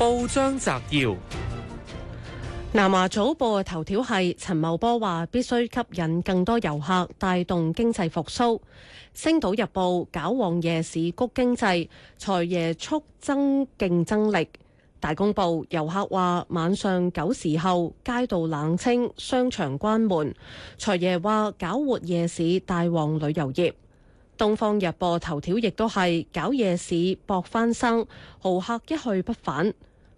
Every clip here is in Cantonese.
報章摘要：南華早報頭條係陳茂波話必須吸引更多遊客，帶動經濟復蘇。星島日報搞旺夜市谷經濟，財爺促增競爭力。大公報遊客話晚上九時後街道冷清，商場關門。財爺話搞活夜市，帶旺旅遊業。東方日報頭條亦都係搞夜市搏翻生，豪客一去不返。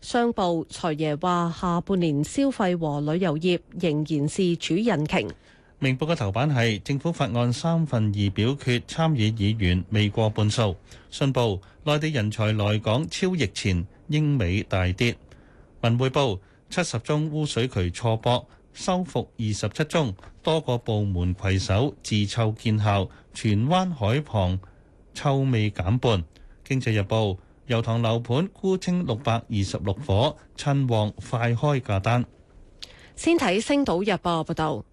商報財爺話下半年消費和旅遊業仍然是主引擎。明報嘅頭版係政府法案三分二表決，參與議員未過半數。信報內地人才來港超疫前，英美大跌。文匯報七十宗污水渠錯駁，修復二十七宗，多個部門携手治臭見效，荃灣海旁臭味減半。經濟日報。油塘樓盤沽清六百二十六伙，趁旺快開價單。先睇《星島日報》報道，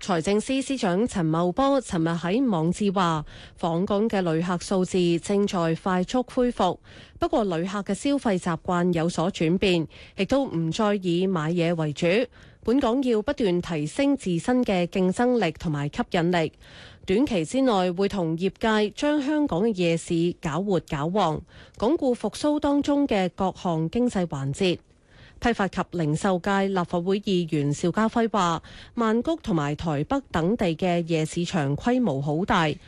財政司司長陳茂波尋日喺網誌話，訪港嘅旅客數字正在快速恢復，不過旅客嘅消費習慣有所轉變，亦都唔再以買嘢為主。本港要不斷提升自身嘅競爭力同埋吸引力。短期之內會同業界將香港嘅夜市搞活搞旺，鞏固復蘇當中嘅各項經濟環節。批發及零售界立法會議員邵家輝話曼谷同埋台北等地嘅夜市場規模好大，佢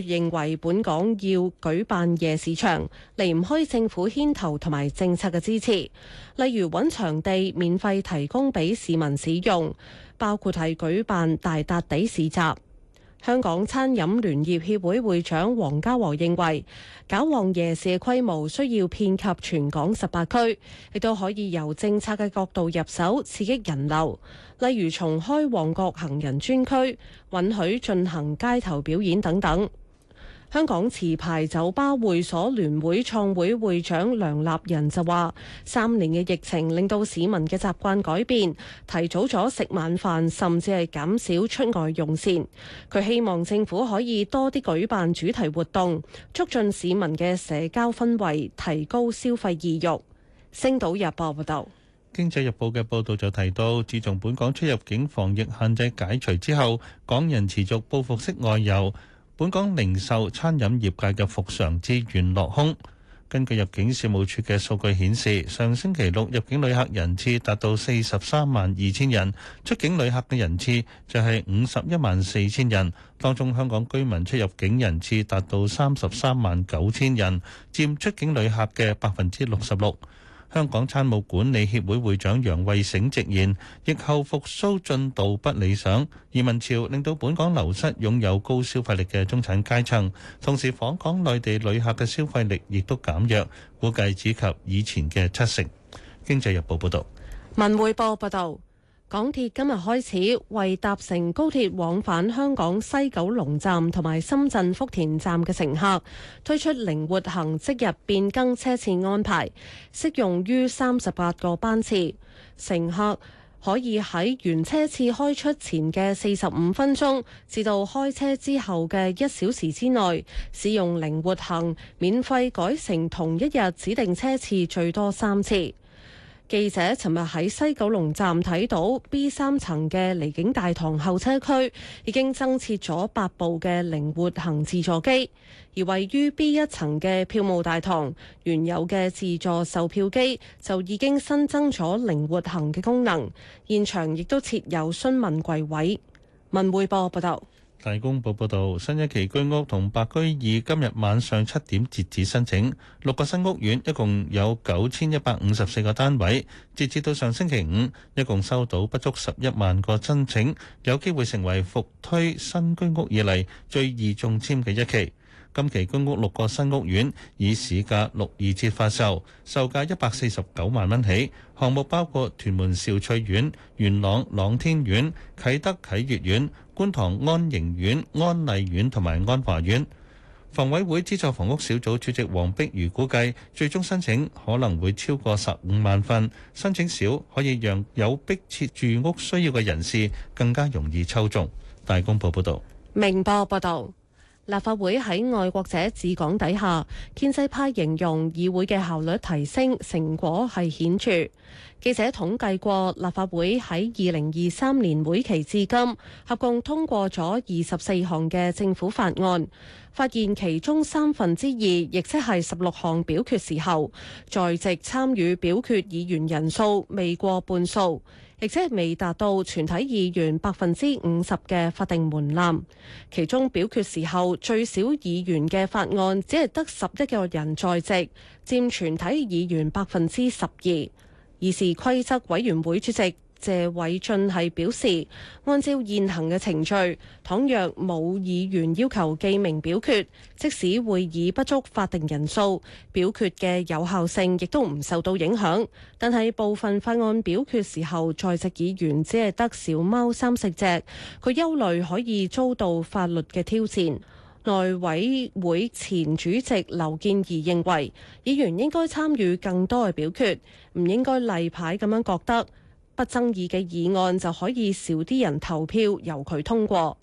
認為本港要舉辦夜市場，離唔開政府牽頭同埋政策嘅支持，例如揾場地免費提供俾市民使用，包括係舉辦大笪地市集。香港餐飲聯業協會會長黃家和認為，搞旺夜市嘅規模需要遍及全港十八區，亦都可以由政策嘅角度入手刺激人流，例如重開旺角行人專區，允許進行街頭表演等等。香港持牌酒吧會所聯會創會會長梁立仁就話：三年嘅疫情令到市民嘅習慣改變，提早咗食晚飯，甚至係減少出外用膳。佢希望政府可以多啲舉辦主題活動，促進市民嘅社交氛圍，提高消費意欲。星島日報報道，經濟日報嘅報道就提到，自從本港出入境防疫限制解除之後，港人持續報復式外遊。本港零售、餐飲業界嘅復常之願落空。根據入境事務處嘅數據顯示，上星期六入境旅客人次達到四十三萬二千人，出境旅客嘅人次就係五十一萬四千人。當中香港居民出入境人次達到三十三萬九千人，佔出境旅客嘅百分之六十六。香港餐務管理協會會長楊惠醒直言，疫後復蘇進度不理想，移民潮令到本港流失擁有高消費力嘅中產階層，同時訪港內地旅客嘅消費力亦都減弱，估計只及以前嘅七成。經濟日報報道，文匯報報道。港鐵今日開始為搭乘高鐵往返香港西九龍站同埋深圳福田站嘅乘客推出靈活行即日變更車次安排，適用於三十八個班次。乘客可以喺原車次開出前嘅四十五分鐘至到開車之後嘅一小時之內，使用靈活行免費改乘同一日指定車次最多三次。記者尋日喺西九龍站睇到 B 三層嘅離境大堂候車區已經增設咗八部嘅靈活行自助機，而位於 B 一層嘅票務大堂原有嘅自助售票機就已經新增咗靈活行嘅功能，現場亦都設有詢問櫃位。文匯報報道。大公報報導，新一期居屋同白居二今日晚上七點截止申請，六個新屋苑一共有九千一百五十四個單位，截至到上星期五，一共收到不足十一萬個申請，有機會成為復推新居屋以嚟最易中籤嘅一期。今期公屋六個新屋苑以市價六二折發售，售價一百四十九萬蚊起。項目包括屯門兆翠苑、元朗朗天苑、啟德啟悅苑、觀塘安盈苑、安麗苑同埋安華苑。房委會資助房屋小組主席黃碧如估計，最終申請可能會超過十五萬份。申請少可以讓有迫切住屋需要嘅人士更加容易抽中。大公報報道，明報報道。立法會喺愛國者治港底下，建制派形容議會嘅效率提升成果係顯著。記者統計過，立法會喺二零二三年會期至今，合共通過咗二十四項嘅政府法案，發現其中三分之二，亦即係十六項表決時候，在席參與表決議員人數未過半數。亦即未達到全體議員百分之五十嘅法定門檻，其中表決時候最少議員嘅法案，只係得十一個人在席，佔全體議員百分之十二。議事規則委員會主席，謝偉俊係表示，按照現行嘅程序，倘若冇議員要求記名表決，即使會議不足法定人數，表決嘅有效性亦都唔受到影響。但係部分法案表決時候，在席議員只係得小貓三四隻，佢憂慮可以遭到法律嘅挑戰。內委會前主席劉健儀認為，議員應該參與更多嘅表決，唔應該例牌咁樣覺得。不爭議嘅議案就可以少啲人投票，由佢通過。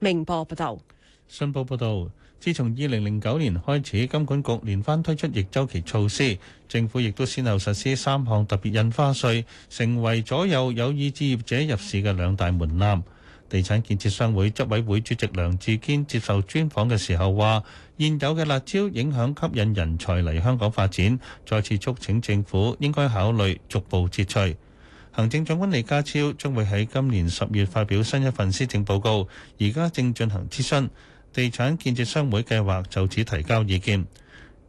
明報報道：「新報報道，自從二零零九年開始，金管局連番推出逆周期措施，政府亦都先後實施三項特別印花稅，成為左右有意置業者入市嘅兩大門檻。地產建設商會執委會主席梁志堅接受專訪嘅時候話，現有嘅辣招影響吸引人才嚟香港發展，再次促請政府應該考慮逐步撤除。行政長官李家超將會喺今年十月發表新一份施政報告，而家正進行諮詢。地產建設商會計劃就此提交意見。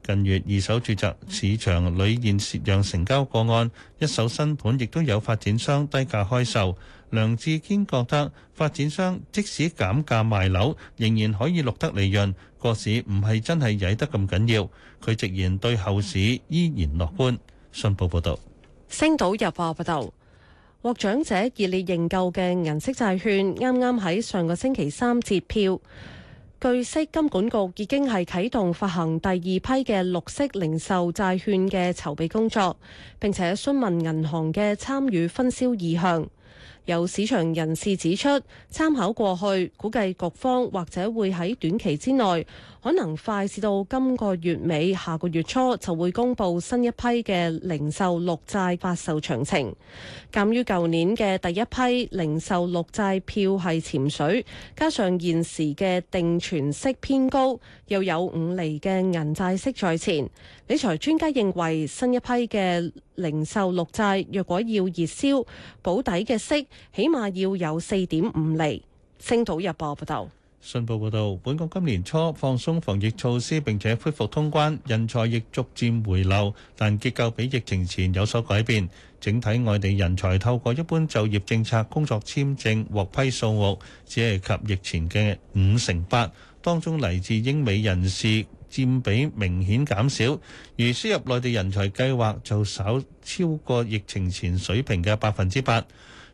近月二手住宅市場屢現蝕讓成交個案，一手新盤亦都有發展商低價開售。梁志堅覺得發展商即使減價賣樓，仍然可以錄得利潤，個市唔係真係曳得咁緊要。佢直言對後市依然樂觀。信報報導，星島日報報導。獲獎者熱烈認購嘅銀色債券，啱啱喺上個星期三截票。據悉，金管局已經係啟動發行第二批嘅綠色零售債券嘅籌備工作，並且詢問銀行嘅參與分銷意向。有市場人士指出，參考過去，估計局方或者會喺短期之內。可能快至到今個月尾，下個月初就會公布新一批嘅零售綠債發售詳情。鑑於舊年嘅第一批零售綠債票係潛水，加上現時嘅定存息偏高，又有五厘嘅銀債息在前，理財專家認為新一批嘅零售綠債若果要熱銷，保底嘅息起碼要有四點五厘。星島日報、啊、報道。信報報導，本港今年初放鬆防疫措施並且恢復通關，人才亦逐漸回流，但結構比疫情前有所改變。整體外地人才透過一般就業政策工作簽證獲批數目，只係及疫前嘅五成八，當中嚟自英美人士佔比明顯減少，而輸入內地人才計劃就稍超過疫情前水平嘅百分之八。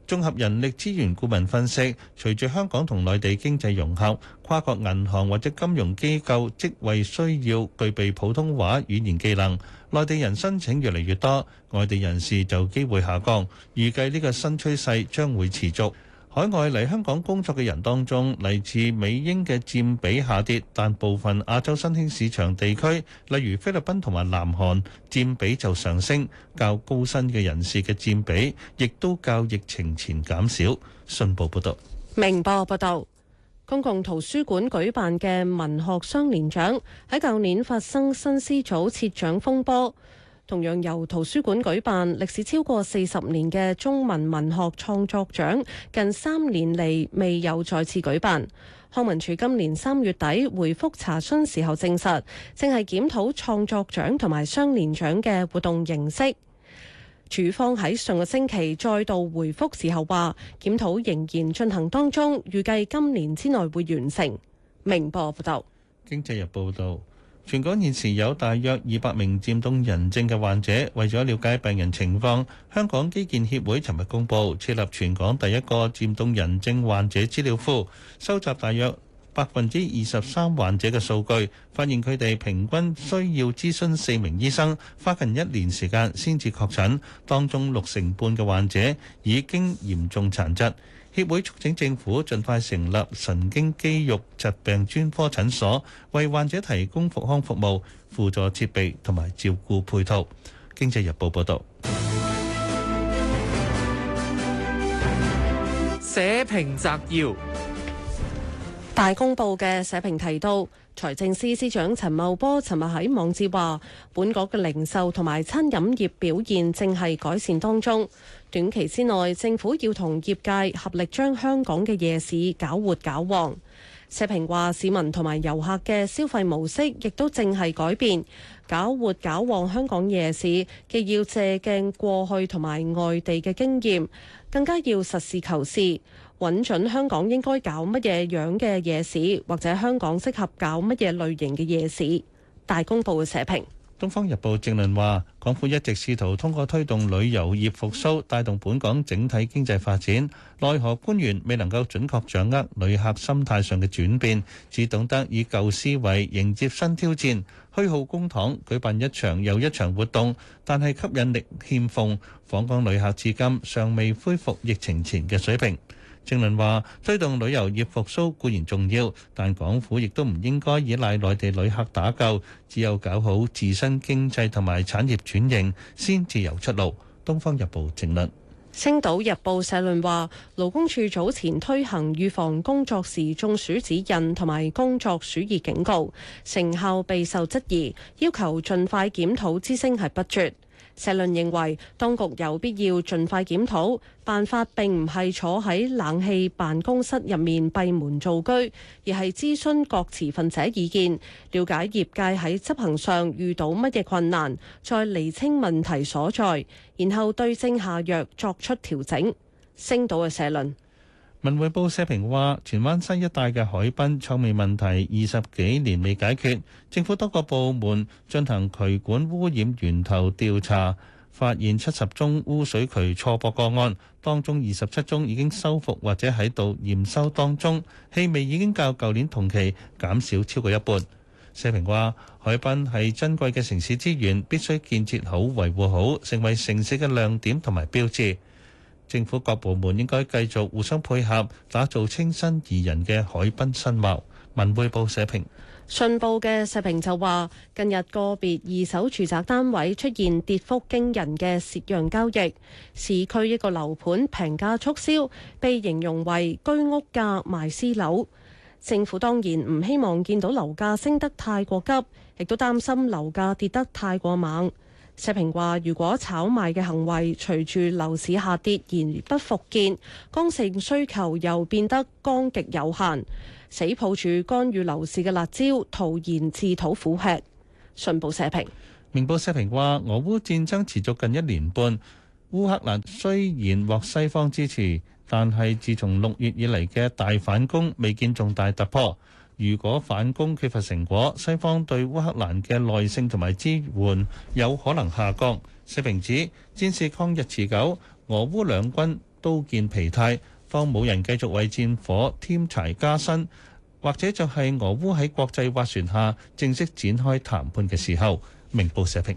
綜合人力資源顧問分析，隨住香港同內地經濟融合，跨國銀行或者金融機構職位需要具備普通話語言技能，內地人申請越嚟越多，外地人士就機會下降，預計呢個新趨勢將會持續。海外嚟香港工作嘅人當中，嚟自美英嘅佔比下跌，但部分亞洲新興市場地區，例如菲律賓同埋南韓佔比就上升。較高薪嘅人士嘅占比，亦都較疫情前減少。信報報道，明報報道，公共圖書館舉辦嘅文學雙年獎喺舊年發生新詩組撤獎風波。同樣由圖書館舉辦，歷史超過四十年嘅中文文學創作獎，近三年嚟未有再次舉辦。康文署今年三月底回覆查詢時候證實，正係檢討創作獎同埋雙年獎嘅活動形式。署方喺上個星期再度回覆時候話，檢討仍然進行當中，預計今年之內會完成。明報報道。經濟日報道。全港現時有大約二百名漸凍人症嘅患者。為咗了，了解病人情況，香港基建協會尋日公布設立全港第一個漸凍人症患者資料庫，收集大約百分之二十三患者嘅數據，發現佢哋平均需要諮詢四名醫生，花近一年時間先至確診，當中六成半嘅患者已經嚴重殘疾。協會促請政府盡快成立神經肌肉疾病專科診所，為患者提供復康服務、輔助設備同埋照顧配套。經濟日報報導。社評摘要。大公報嘅社評提到，財政司司長陳茂波尋日喺網誌話，本港嘅零售同埋餐飲業表現正係改善當中，短期之內政府要同業界合力將香港嘅夜市搞活搞旺。社評話：市民同埋遊客嘅消費模式亦都正係改變，搞活搞旺香港夜市，既要借鏡過去同埋外地嘅經驗，更加要實事求是，揾準香港應該搞乜嘢樣嘅夜市，或者香港適合搞乜嘢類型嘅夜市。大公報嘅社評。東方日報正論話，港府一直試圖通過推動旅遊業復蘇帶動本港整體經濟發展。奈何官員未能夠準確掌握旅客心態上嘅轉變，只懂得以舊思維迎接新挑戰，虛耗公帑舉辦一場又一場活動，但係吸引力欠奉，訪港旅客至今尚未恢復疫情前嘅水平。正論話推動旅遊業復甦固然重要，但港府亦都唔應該依賴內地旅客打救，只有搞好自身經濟同埋產業轉型，先至有出路。《東方日報》正論，《星島日報》社論話，勞工處早前推行預防工作時中暑指引同埋工作暑熱警告，成效備受質疑，要求盡快檢討之聲係不絕。社論認為，當局有必要盡快檢討辦法，並唔係坐喺冷氣辦公室入面閉門造車，而係諮詢各持份者意見，了解業界喺執行上遇到乜嘢困難，再釐清問題所在，然後對症下藥作出調整。星島嘅社論。文匯報社評話：荃灣西一帶嘅海濱臭味問題二十幾年未解決，政府多個部門進行渠管污染源頭調查，發現七十宗污水渠錯駁個案，當中二十七宗已經修復或者喺度驗收當中，氣味已經較舊年同期減少超過一半。社評話：海濱係珍貴嘅城市資源，必須建設好、維護好，成為城市嘅亮點同埋標誌。政府各部門應該繼續互相配合，打造清新宜人嘅海濱新貌。文匯報社評。信報嘅社評就話，近日個別二手住宅單位出現跌幅驚人嘅蝕讓交易，市區一個樓盤平價促銷，被形容為居屋價賣私樓。政府當然唔希望見到樓價升得太過急，亦都擔心樓價跌得太過猛。社評話：如果炒賣嘅行為隨住樓市下跌而不復見，剛性需求又變得剛極有限，死抱住干預樓市嘅辣椒，徒然自討苦吃。信報社評，明報社評話：俄烏戰爭持續近一年半，烏克蘭雖然獲西方支持，但係自從六月以嚟嘅大反攻，未見重大突破。如果反攻缺乏成果，西方對烏克蘭嘅耐性同埋支援有可能下降。社評指戰事抗日持久，俄烏兩軍都見疲態，方冇人繼續為戰火添柴加薪，或者就係俄烏喺國際斡旋下正式展開談判嘅時候。明報社評。